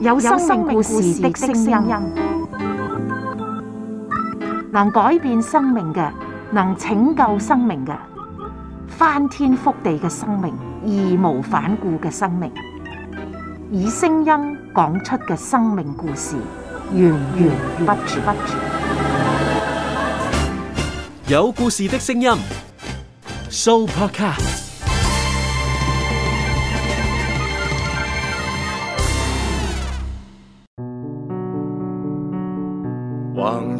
有生命故事的聲音，能改變生命嘅，能拯救生命嘅，翻天覆地嘅生命，義無反顧嘅生命，以聲音講出嘅生命故事，源源不絕。有故事的聲音，Supercar。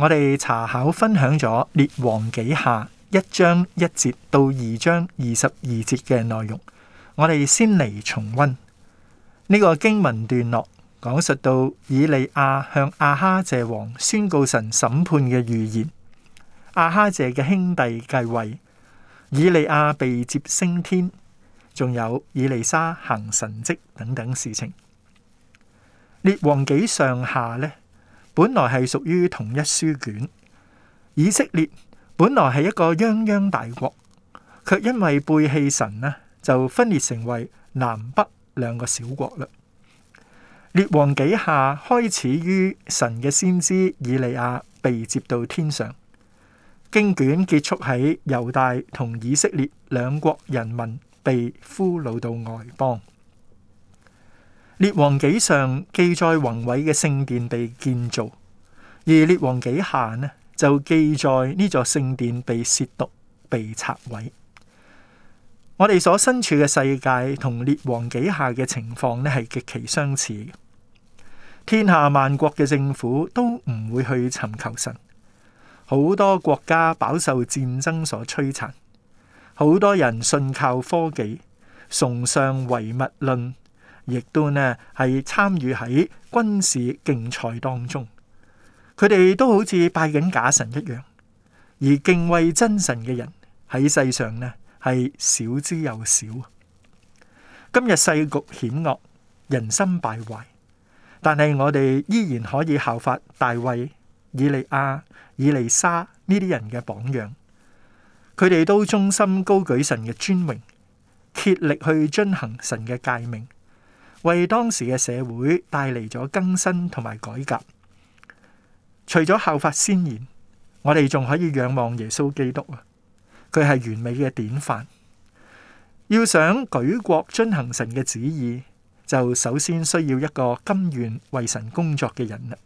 我哋查考分享咗列王紀下一章一節到二章二十二節嘅內容，我哋先嚟重溫呢、這個經文段落，講述到以利亞向阿哈謝王宣告神審判嘅預言，阿哈謝嘅兄弟繼位，以利亞被接升天，仲有以利沙行神蹟等等事情。列王紀上下呢，本來係屬於同一書卷，以色列本來係一個泱泱大國，卻因為背棄神呢，就分裂成為南北兩個小國啦。列王紀下開始於神嘅先知以利亞被接到天上，經卷結束喺猶大同以色列兩國人民被俘虜到外邦。列王紀上記載宏偉嘅聖殿被建造，而列王紀下呢就記載呢座聖殿被褻瀆、被拆毀。我哋所身處嘅世界同列王紀下嘅情況呢係極其相似嘅。天下萬國嘅政府都唔會去尋求神，好多國家飽受戰爭所摧殘，好多人信靠科技，崇尚唯物論。亦都呢係參與喺軍事競賽當中，佢哋都好似拜緊假神一樣，而敬畏真神嘅人喺世上呢係少之又少。今日世局險惡，人心敗壞，但係我哋依然可以效法大衛、以利亞、以利沙呢啲人嘅榜樣，佢哋都忠心高舉神嘅尊榮，竭力去遵行神嘅誡命。為當時嘅社會帶嚟咗更新同埋改革。除咗效法先賢，我哋仲可以仰望耶穌基督啊！佢係完美嘅典範。要想舉國遵行神嘅旨意，就首先需要一個甘願為神工作嘅人啦。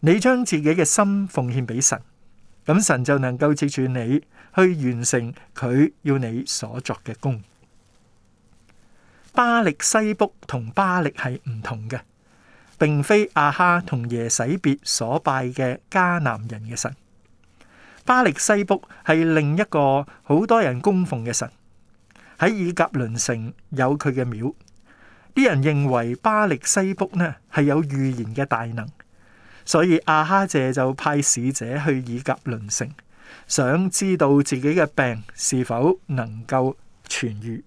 你將自己嘅心奉獻俾神，咁神就能夠接住你去完成佢要你所作嘅功。巴力西卜同巴力係唔同嘅，並非阿哈同耶洗別所拜嘅迦南人嘅神。巴力西卜係另一個好多人供奉嘅神，喺以甲倫城有佢嘅廟。啲人認為巴力西卜呢係有預言嘅大能，所以阿哈謝就派使者去以甲倫城，想知道自己嘅病是否能夠痊愈。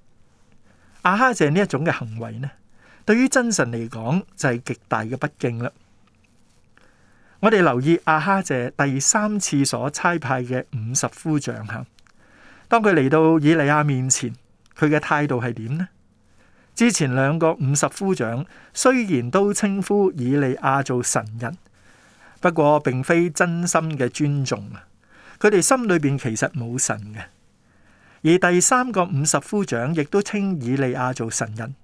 阿哈謝呢一種嘅行為呢，對於真神嚟講就係極大嘅不敬啦。我哋留意阿哈謝第三次所差派嘅五十夫長，當佢嚟到以利亞面前，佢嘅態度係點呢？之前兩個五十夫長雖然都稱呼以利亞做神人，不過並非真心嘅尊重啊，佢哋心裏邊其實冇神嘅。而第三個五十夫長亦都稱以利亞做神人，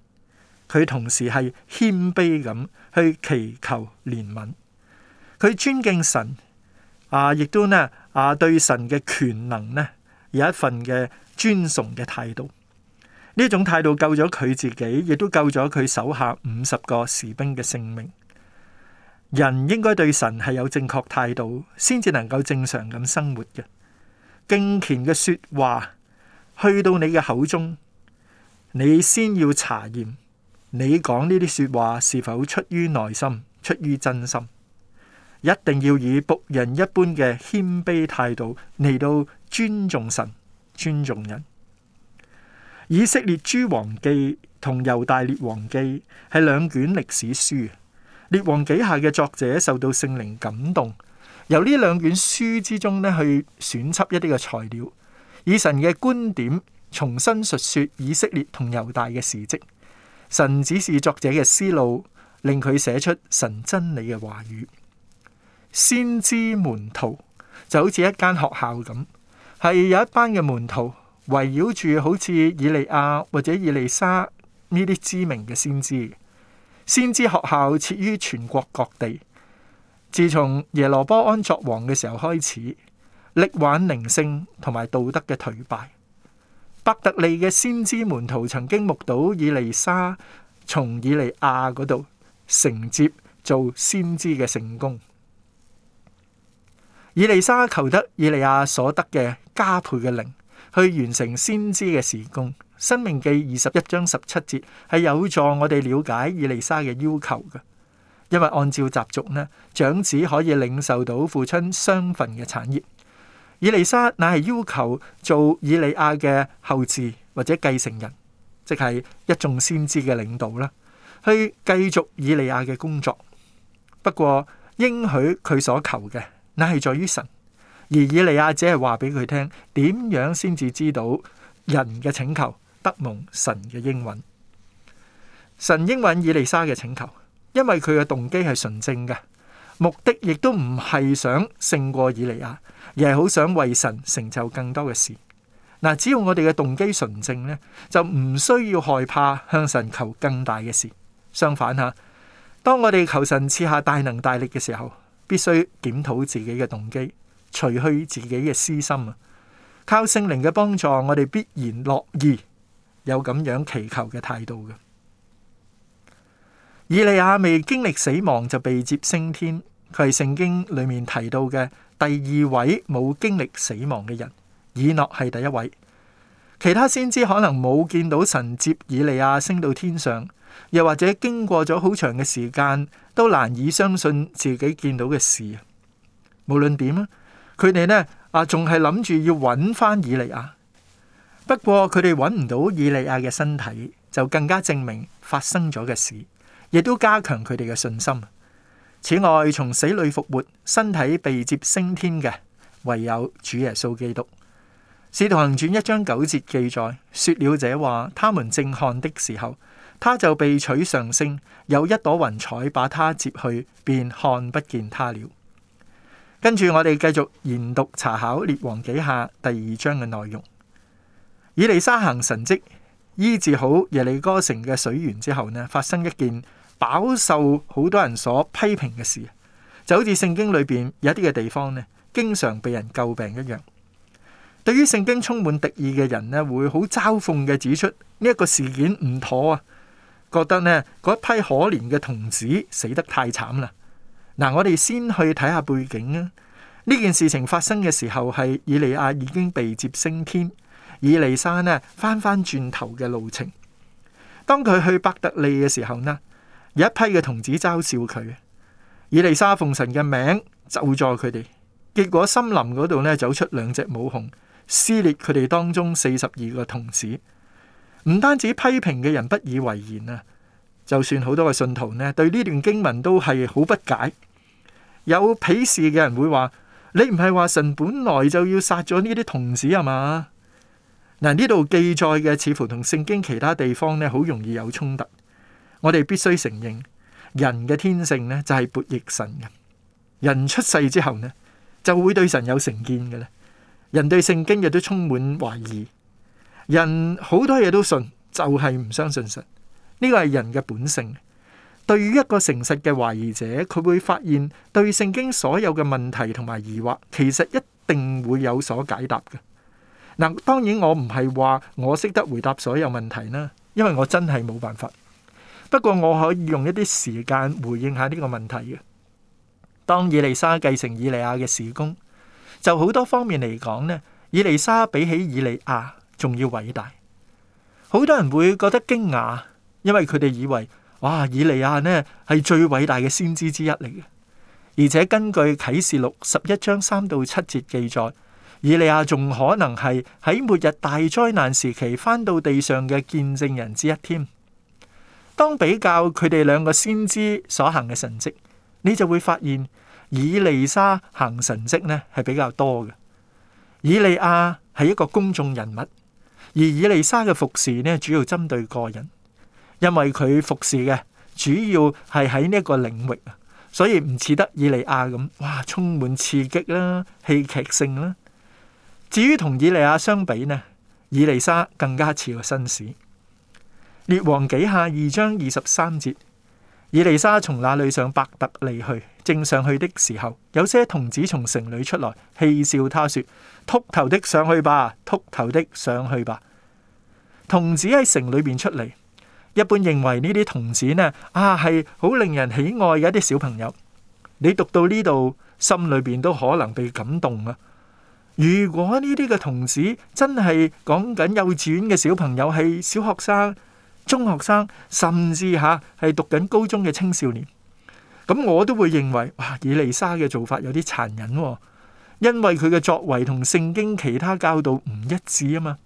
佢同時係謙卑咁去祈求憐憫，佢尊敬神，啊，亦都呢啊，對神嘅權能呢有一份嘅尊崇嘅態度。呢種態度救咗佢自己，亦都救咗佢手下五十個士兵嘅性命。人應該對神係有正確態度，先至能夠正常咁生活嘅。敬虔嘅說話去到你嘅口中，你先要查驗你講呢啲說話是否出於內心，出於真心。一定要以僕人一般嘅謙卑態度嚟到尊重神，尊重人。以色列諸王記同猶大列王記係兩卷歷史書。列王紀下嘅作者受到聖靈感動，由呢兩卷書之中咧去選輯一啲嘅材料。以神嘅觀點重新述說以色列同猶大嘅事跡。神指示作者嘅思路，令佢寫出神真理嘅話語。先知門徒就好似一間學校咁，係有一班嘅門徒圍繞住，好似以利亞或者以利沙呢啲知名嘅先知。先知學校設於全國各地，自從耶羅波安作王嘅時候開始。力挽靈性同埋道德嘅頹敗，伯特利嘅先知門徒曾經目睹以利沙從以利亞嗰度承接做先知嘅成功。以利沙求得以利亞所得嘅加倍嘅靈，去完成先知嘅事工。申命記二十一章十七節係有助我哋了解以利沙嘅要求嘅，因為按照習俗呢，長子可以領受到父親雙份嘅產業。以利沙乃係要求做以利亞嘅後置或者繼承人，即係一眾先知嘅領導啦，去繼續以利亞嘅工作。不過應許佢所求嘅，乃係在於神。而以利亞只係話俾佢聽，點樣先至知道人嘅請求得蒙神嘅應允。神應允以利沙嘅請求，因為佢嘅動機係純正嘅，目的亦都唔係想勝過以利亞。亦係好想為神成就更多嘅事。嗱，只要我哋嘅動機純正呢，就唔需要害怕向神求更大嘅事。相反啊，當我哋求神賜下大能大力嘅時候，必須檢討自己嘅動機，除去自己嘅私心啊。靠聖靈嘅幫助，我哋必然樂意有咁樣祈求嘅態度嘅。以利亞未經歷死亡，就被接升天。佢係聖經裏面提到嘅第二位冇經歷死亡嘅人，以諾係第一位，其他先知可能冇見到神接以利亞升到天上，又或者經過咗好長嘅時間都難以相信自己見到嘅事。無論點啊，佢哋呢啊仲係諗住要揾翻以利亞，不過佢哋揾唔到以利亞嘅身體，就更加證明發生咗嘅事，亦都加強佢哋嘅信心。此外，從死裏復活、身體被接升天嘅，唯有主耶穌基督。使徒行傳一章九節記載，說了這話，他們正看的時候，他就被取上升，有一朵雲彩把他接去，便看不見他了。跟住我哋繼續研讀查考列王紀下第二章嘅內容。以利沙行神蹟，醫治好耶利哥城嘅水源之後呢，發生一件。飽受好多人所批評嘅事，就好似聖經裏邊有一啲嘅地方呢，經常被人詬病一樣。對於聖經充滿敵意嘅人呢，會好嘲諷嘅指出呢一個事件唔妥啊，覺得呢嗰一批可憐嘅童子死得太慘啦。嗱，我哋先去睇下背景啊。呢件事情發生嘅時候係以利亞已經被接升天，以利沙呢翻翻轉頭嘅路程，當佢去伯特利嘅時候呢，有一批嘅童子嘲笑佢，以利沙奉神嘅名咒詛佢哋，結果森林嗰度咧走出兩隻母熊，撕裂佢哋當中四十二個童子。唔單止批評嘅人不以為然啊，就算好多嘅信徒咧對呢段經文都係好不解。有鄙視嘅人會話：你唔係話神本來就要殺咗呢啲童子啊嘛？嗱，呢度記載嘅似乎同聖經其他地方咧好容易有衝突。我哋必須承認，人嘅天性咧就係悖逆神嘅。人出世之後咧，就會對神有成見嘅咧。人對聖經亦都充滿懷疑，人好多嘢都信，就係唔相信神。呢個係人嘅本性。對於一個誠實嘅懷疑者，佢會發現對聖經所有嘅問題同埋疑惑，其實一定會有所解答嘅。嗱，當然我唔係話我識得回答所有問題啦，因為我真係冇辦法。不過我可以用一啲時間回應下呢個問題嘅。當以利沙繼承以利亞嘅事工，就好多方面嚟講呢，以利沙比起以利亞仲要偉大。好多人會覺得驚訝，因為佢哋以為，哇，以利亞呢係最偉大嘅先知之一嚟嘅。而且根據啟示錄十一章三到七節記載，以利亞仲可能係喺末日大災難時期翻到地上嘅見證人之一添。當比較佢哋兩個先知所行嘅神蹟，你就會發現以利沙行神蹟呢係比較多嘅。以利亞係一個公眾人物，而以利沙嘅服侍呢，主要針對個人，因為佢服侍嘅主要係喺呢一個領域啊，所以唔似得以利亞咁哇，充滿刺激啦、戲劇性啦。至於同以利亞相比呢，以利沙更加似個紳士。列王紀下二章二十三節，以利沙從那裏上伯特利去，正上去的時候，有些童子從城裏出來，戲笑他說：禿頭的上去吧，禿頭的上去吧。童子喺城裏邊出嚟，一般認為呢啲童子呢啊係好令人喜愛嘅一啲小朋友。你讀到呢度，心裏邊都可能被感動啊！如果呢啲嘅童子真係講緊幼稚園嘅小朋友，係小學生。中學生甚至吓係讀緊高中嘅青少年，咁我都會認為哇，以尼莎嘅做法有啲殘忍喎，因為佢嘅作為同聖經其他教導唔一致啊嘛。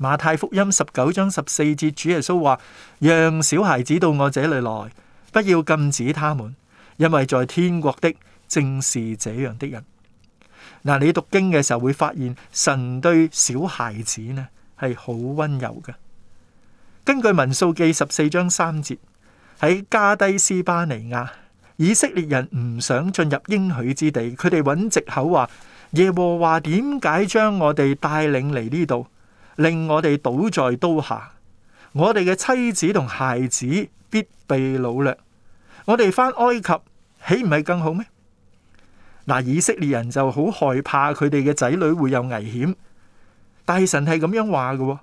馬太福音十九章十四節，主耶穌話：讓小孩子到我這裏來，不要禁止他們，因為在天國的正是這樣的人。嗱，你讀經嘅時候會發現，神對小孩子呢係好溫柔嘅。根據民數記十四章三節，喺加低斯巴尼亞，以色列人唔想進入應許之地，佢哋揾藉口話：耶和華點解將我哋帶領嚟呢度，令我哋倒在刀下，我哋嘅妻子同孩子必被擄掠。我哋翻埃及，豈唔係更好咩？嗱，以色列人就好害怕佢哋嘅仔女會有危險，大神係咁樣話嘅。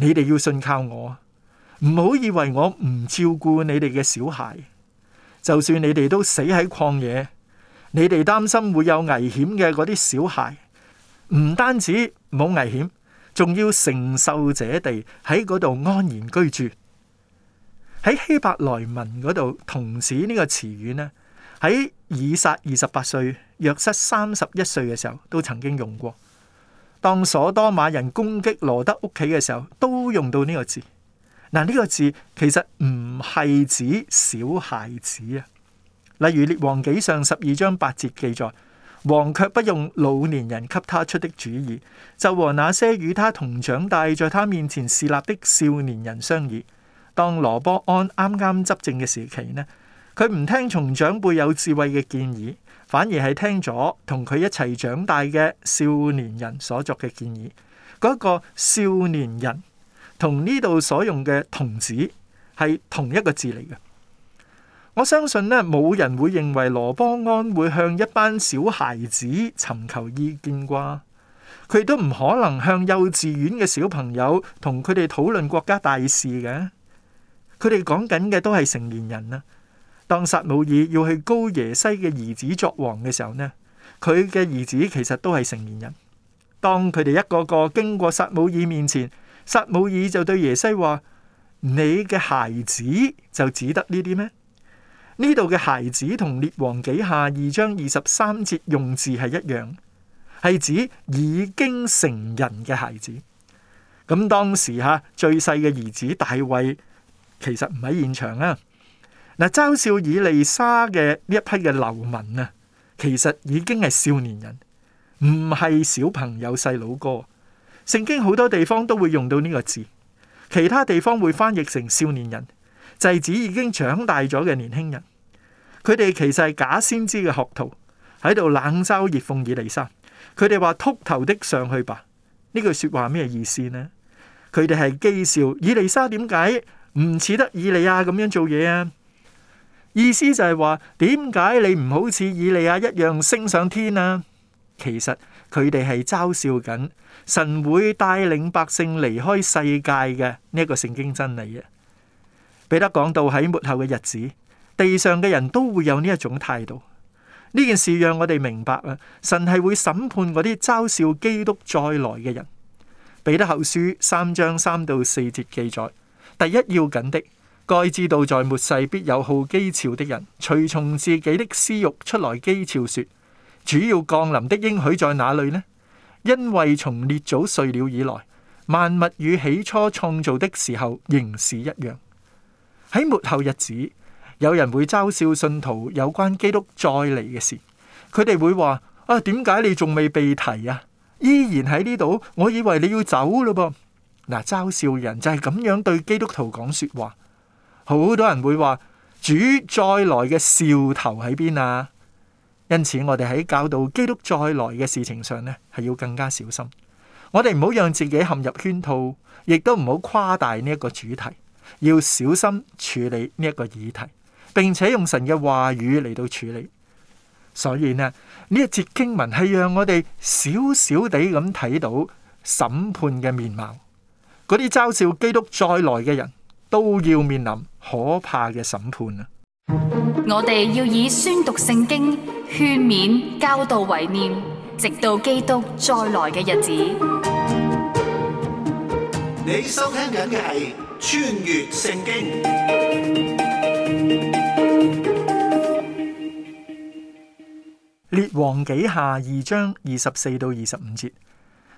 你哋要信靠我，唔好以為我唔照顧你哋嘅小孩。就算你哋都死喺曠野，你哋擔心會有危險嘅嗰啲小孩，唔單止冇危險，仲要承受者地喺嗰度安然居住。喺希伯來文嗰度，童子呢個詞語呢，喺以撒二十八歲、約瑟三十一歲嘅時候，都曾經用過。當所多瑪人攻擊羅德屋企嘅時候，都用到呢個字。嗱，呢個字其實唔係指小孩子啊。例如《列王紀》上十二章八節記載，王卻不用老年人給他出的主意，就和那些與他同長大在他面前侍立的少年人商議。當羅波安啱啱執政嘅時期呢，佢唔聽從長輩有智慧嘅建議。反而係聽咗同佢一齊長大嘅少年人所作嘅建議。嗰個少年人同呢度所用嘅童子係同一個字嚟嘅。我相信咧，冇人會認為羅邦安會向一班小孩子尋求意見啩。佢都唔可能向幼稚園嘅小朋友同佢哋討論國家大事嘅。佢哋講緊嘅都係成年人啊。當撒母耳要去高耶西嘅兒子作王嘅時候呢，佢嘅兒子其實都係成年人。當佢哋一個一個經過撒母耳面前，撒母耳就對耶西話：你嘅孩子就只得呢啲咩？呢度嘅孩子同列王紀下二章二十三節用字係一樣，係指已經成人嘅孩子。咁當時吓、啊、最細嘅兒子大衛其實唔喺現場啊。嗱，嘲笑以利沙嘅呢一批嘅流民啊，其實已經係少年人，唔係小朋友細佬哥。聖經好多地方都會用到呢個字，其他地方會翻譯成少年人，就係指已經長大咗嘅年輕人。佢哋其實係假先知嘅學徒，喺度冷嘲熱諷以利沙。佢哋話，禿頭的上去吧，呢句說話咩意思呢？佢哋係譏笑以利沙點解唔似得以利亞咁樣做嘢啊？意思就係話，點解你唔好似以利亞一樣升上天啊？其實佢哋係嘲笑緊，神會帶領百姓離開世界嘅呢一個聖經真理啊！彼得講到喺末後嘅日子，地上嘅人都會有呢一種態度。呢件事讓我哋明白啦，神係會審判嗰啲嘲笑基督再來嘅人。彼得後書三章三到四節記載，第一要緊的。該知道，在末世必有好譏誚的人，隨從自己的私欲出來譏誚說：主要降臨的應許在哪裏呢？因為從列祖睡了以來，萬物與起初創造的時候仍是一樣。喺末後日子，有人會嘲笑信徒有關基督再嚟嘅事，佢哋會話：啊，點解你仲未被提啊？依然喺呢度，我以為你要走咯噃。嗱，嘲笑人就係咁樣對基督徒講說話。好多人會話主再來嘅兆頭喺邊啊！因此我哋喺教導基督再來嘅事情上呢，係要更加小心。我哋唔好讓自己陷入圈套，亦都唔好誇大呢一個主題。要小心處理呢一個議題，並且用神嘅話語嚟到處理所以呢，呢一節經文係讓我哋少少地咁睇到審判嘅面貌。嗰啲嘲笑基督再來嘅人，都要面臨可怕嘅審判啊！我哋要以宣讀聖經、勸勉、教導為念，直到基督再來嘅日子。你收聽緊嘅係《穿越聖經》。列王紀下二章二十四到二十五節，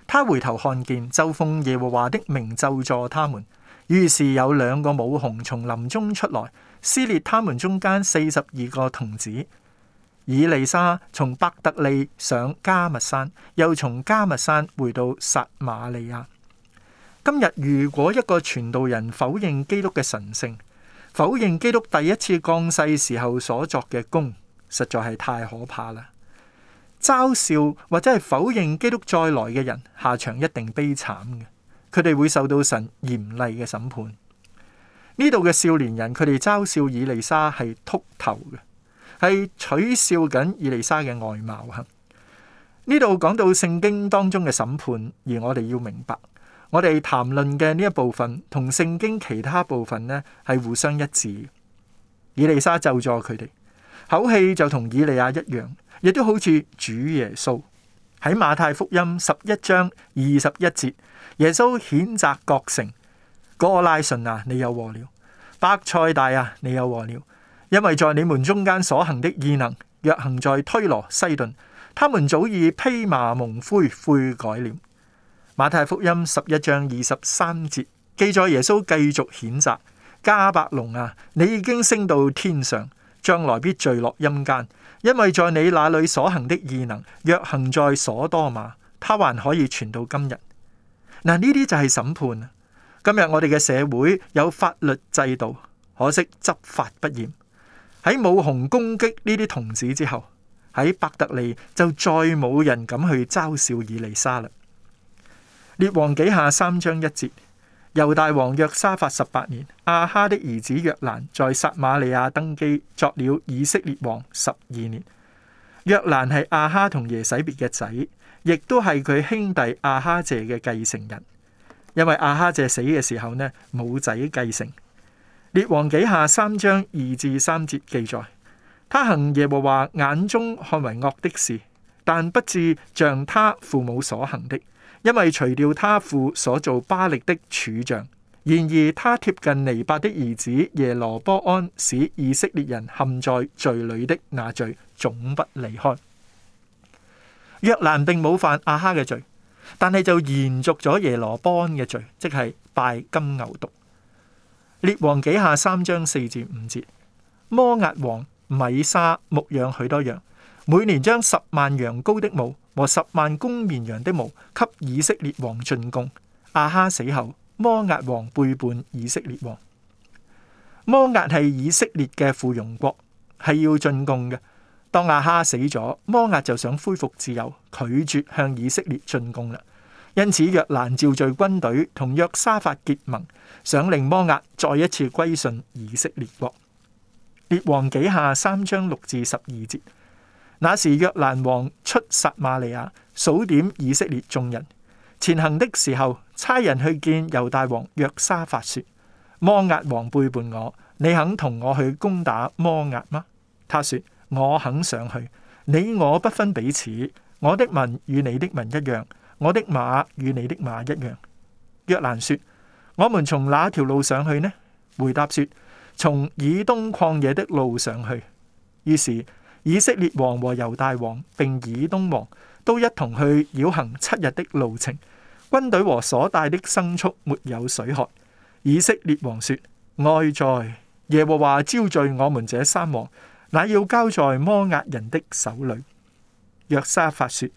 他回頭看見，就奉耶和華的名咒詛他們。於是有兩個母熊從林中出來，撕裂他們中間四十二個童子。以利沙從伯特利上迦密山，又從迦密山回到撒馬利亞。今日如果一個傳道人否認基督嘅神性，否認基督第一次降世時候所作嘅工，實在係太可怕啦！嘲笑或者係否認基督再來嘅人，下場一定悲慘嘅。佢哋會受到神嚴厲嘅審判。呢度嘅少年人，佢哋嘲笑以利沙係禿頭嘅，係取笑緊以利沙嘅外貌啊。呢度講到聖經當中嘅審判，而我哋要明白，我哋談論嘅呢一部分同聖經其他部分呢係互相一致。以利沙咒詛佢哋，口氣就同以利亞一樣，亦都好似主耶穌，喺馬太福音十一章二十一節。耶穌譴責各城，哥拉汛啊，你有禍了；伯賽大啊，你有禍了，因為在你們中間所行的異能，若行在推羅西頓，他們早已披麻蒙灰悔改了。馬太福音十一章二十三節記載耶穌繼續譴責迦百農啊，你已經升到天上，將來必墜落陰間，因為在你那裡所行的異能，若行在所多瑪，它還可以傳到今日。嗱，呢啲就係審判。今日我哋嘅社會有法律制度，可惜執法不嚴。喺母熊攻擊呢啲童子之後，喺伯特利就再冇人敢去嘲笑以利沙啦。列王幾下三章一節，猶大王約沙法十八年，亞哈的兒子約蘭在撒馬利亞登基，作了以色列王十二年。約蘭係亞哈同耶洗別嘅仔，亦都係佢兄弟亞哈謝嘅繼承人，因為亞哈謝死嘅時候呢冇仔繼承。列王紀下三章二至三節記載，他行耶和華眼中看為惡的事，但不至像他父母所行的，因為除掉他父所做巴力的柱像。」然而，他貼近尼伯的兒子耶羅波安，使以色列人陷在罪裏的那罪總不離開。約蘭並冇犯阿哈嘅罪，但係就延續咗耶羅波安嘅罪，即係拜金牛犢。列王幾下三章四至五節，摩押王米沙牧養許多羊，每年將十萬羊羔的毛和十萬公綿羊的毛給以色列王進貢。阿哈死後。摩押王背叛以色列王。摩押係以色列嘅附庸國，係要進貢嘅。當亞哈死咗，摩押就想恢復自由，拒絕向以色列進貢啦。因此，約蘭召集軍，軍隊，同約沙法結盟，想令摩押再一次歸順以色列國。列王紀下三章六至十二節，那時約蘭王出撒馬利亞，數點以色列眾人。前行的時候，差人去見猶大王約沙法說：摩押王背叛我，你肯同我去攻打摩押嗎？他說：我肯上去。你我不分彼此，我的民與你的民一樣，我的馬與你的馬一樣。約蘭說：我們從哪條路上去呢？回答說：從以東曠野的路上去。於是以色列王和猶大王並以東王都一同去繞行七日的路程。軍隊和所帶的牲畜沒有水喝。以色列王說：哀哉耶和華招聚我們這三王，乃要交在摩押人的手裏。約沙法說：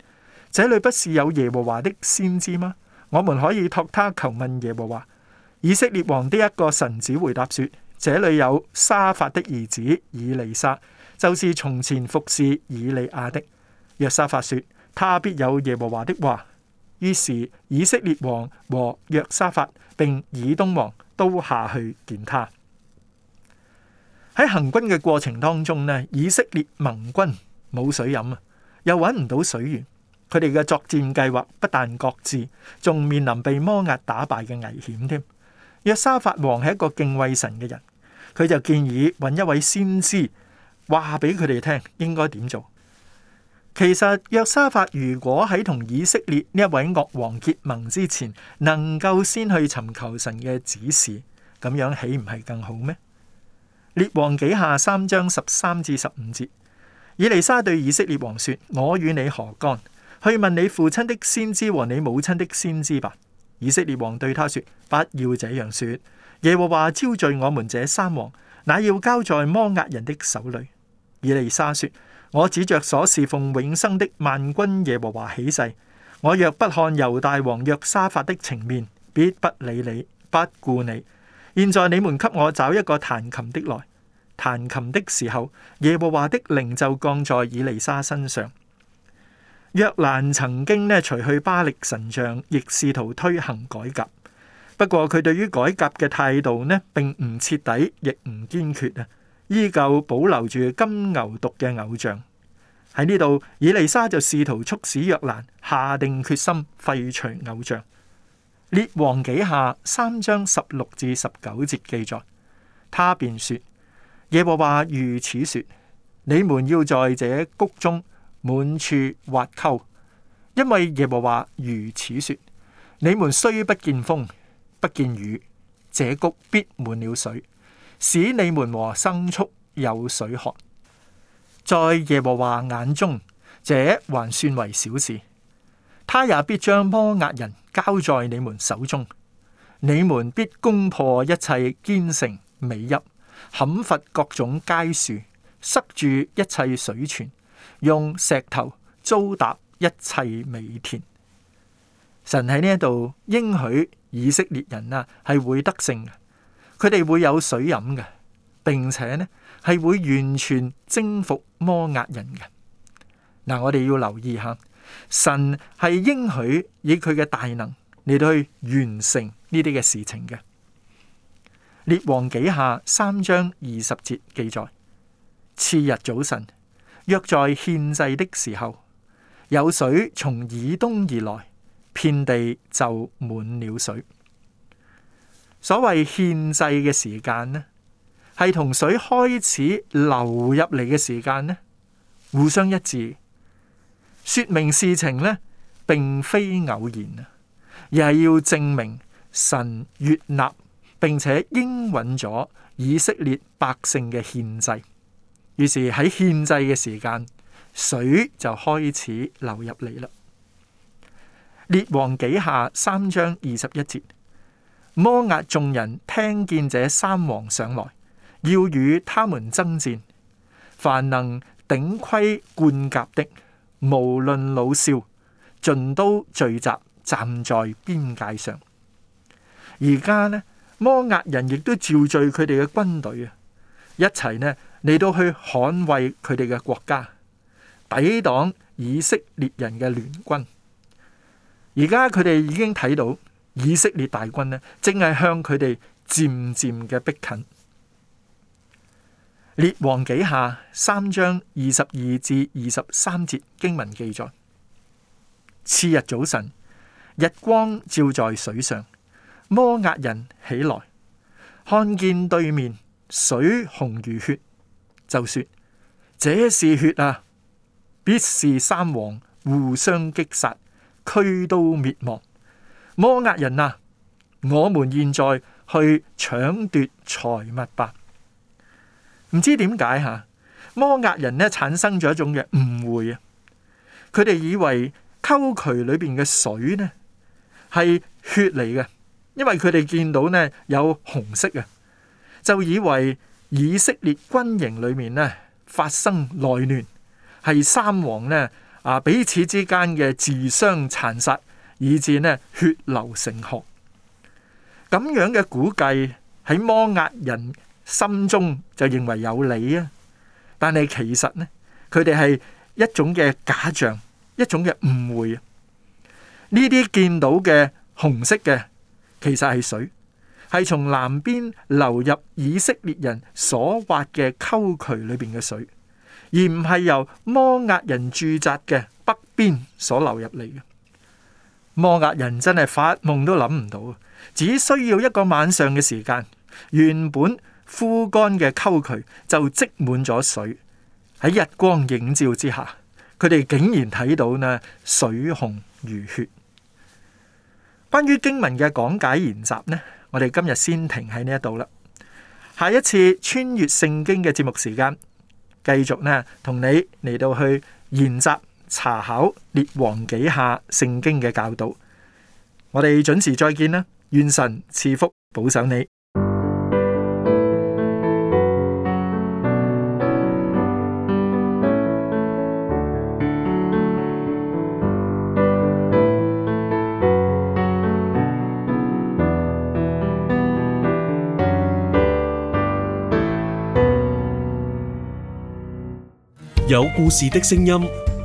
這裏不是有耶和華的先知嗎？我們可以託他求問耶和華。以色列王的一個臣子回答說：這裏有沙法的兒子以利沙，就是從前服侍以利亞的。約沙法說：他必有耶和華的話。於是以色列王和約沙法並以東王都下去見他。喺行軍嘅過程當中呢，以色列盟軍冇水飲啊，又搵唔到水源，佢哋嘅作戰計劃不但各自，仲面臨被摩押打敗嘅危險添。約沙法王係一個敬畏神嘅人，佢就建議搵一位先知話俾佢哋聽應該點做。其實約沙法如果喺同以色列呢一位惡王結盟之前，能夠先去尋求神嘅指示，咁樣豈唔係更好咩？列王紀下三章十三至十五節，以利沙對以色列王說：我與你何干？去問你父親的先知和你母親的先知吧。以色列王對他說：不要這樣說。耶和華招聚，我們這三王，乃要交在摩押人的手裏。以利沙說。我指着所侍奉永生的萬軍耶和華起誓，我若不看猶大王約沙法的情面，必不理你，不顧你。現在你們給我找一個彈琴的來，彈琴的時候，耶和華的靈就降在以利沙身上。若蘭曾經呢，除去巴力神像，亦試圖推行改革。不過佢對於改革嘅態度呢，並唔徹底，亦唔堅決啊。依舊保留住金牛犢嘅偶像喺呢度，以利沙就試圖促使若蘭下定決心廢除偶像。列王紀下三章十六至十九節記載，他便說：耶和華如此說，你們要在這谷中滿處挖溝，因為耶和華如此說，你們雖不見風，不見雨，這谷必滿了水。使你們和牲畜有水喝，在耶和華眼中，這還算為小事。他也必將摩押人交在你們手中，你們必攻破一切堅城、美邑，砍伐各種佳樹，塞住一切水泉，用石頭糟蹋一切美田。神喺呢度應許以色列人啊，係會得勝佢哋會有水飲嘅，並且呢係會完全征服摩押人嘅。嗱，我哋要留意下，神係應許以佢嘅大能嚟到去完成呢啲嘅事情嘅。列王紀下三章二十節記載：次日早晨，約在獻祭的時候，有水從以東而來，遍地就滿了水。所謂獻祭嘅時間呢，係同水開始流入嚟嘅時間呢，互相一致，說明事情呢，並非偶然，而係要證明神悅納並且應允咗以色列百姓嘅獻祭。於是喺獻祭嘅時間，水就開始流入嚟啦。列王紀下三章二十一節。摩押眾人聽見這三王上來，要與他們爭戰，凡能頂盔貫甲的，無論老少，盡都聚集站在邊界上。而家呢，摩押人亦都召集佢哋嘅軍隊啊，一齊呢嚟到去捍衛佢哋嘅國家，抵擋以色列人嘅聯軍。而家佢哋已經睇到。以色列大軍咧，正係向佢哋漸漸嘅逼近。列王紀下，三章二十二至二十三節經文記載：次日早晨，日光照在水上，摩押人起來，看見對面水紅如血，就說：這是血啊！必是三王互相擊殺，俱都滅亡。摩押人啊，我們現在去搶奪財物吧。唔知點解吓，摩押人呢產生咗一種嘅誤會啊。佢哋以為溝渠裏邊嘅水呢係血嚟嘅，因為佢哋見到呢有紅色啊，就以為以色列軍營裏面呢發生內亂，係三王呢啊彼此之間嘅自相殘殺。以致咧血流成河，咁樣嘅估計喺摩押人心中就認為有理啊，但係其實咧佢哋係一種嘅假象，一種嘅誤會。呢啲見到嘅紅色嘅，其實係水，係從南邊流入以色列人所挖嘅溝渠裏邊嘅水，而唔係由摩押人住宅嘅北邊所流入嚟嘅。摩押人真係發夢都諗唔到，只需要一個晚上嘅時間，原本枯乾嘅溝渠就積滿咗水。喺日光映照之下，佢哋竟然睇到呢水紅如血。關於經文嘅講解研習呢，我哋今日先停喺呢一度啦。下一次穿越聖經嘅節目時間，繼續呢同你嚟到去研習。查考列王紀下聖經嘅教導，我哋準時再見啦！願神賜福保守你。有故事的聲音。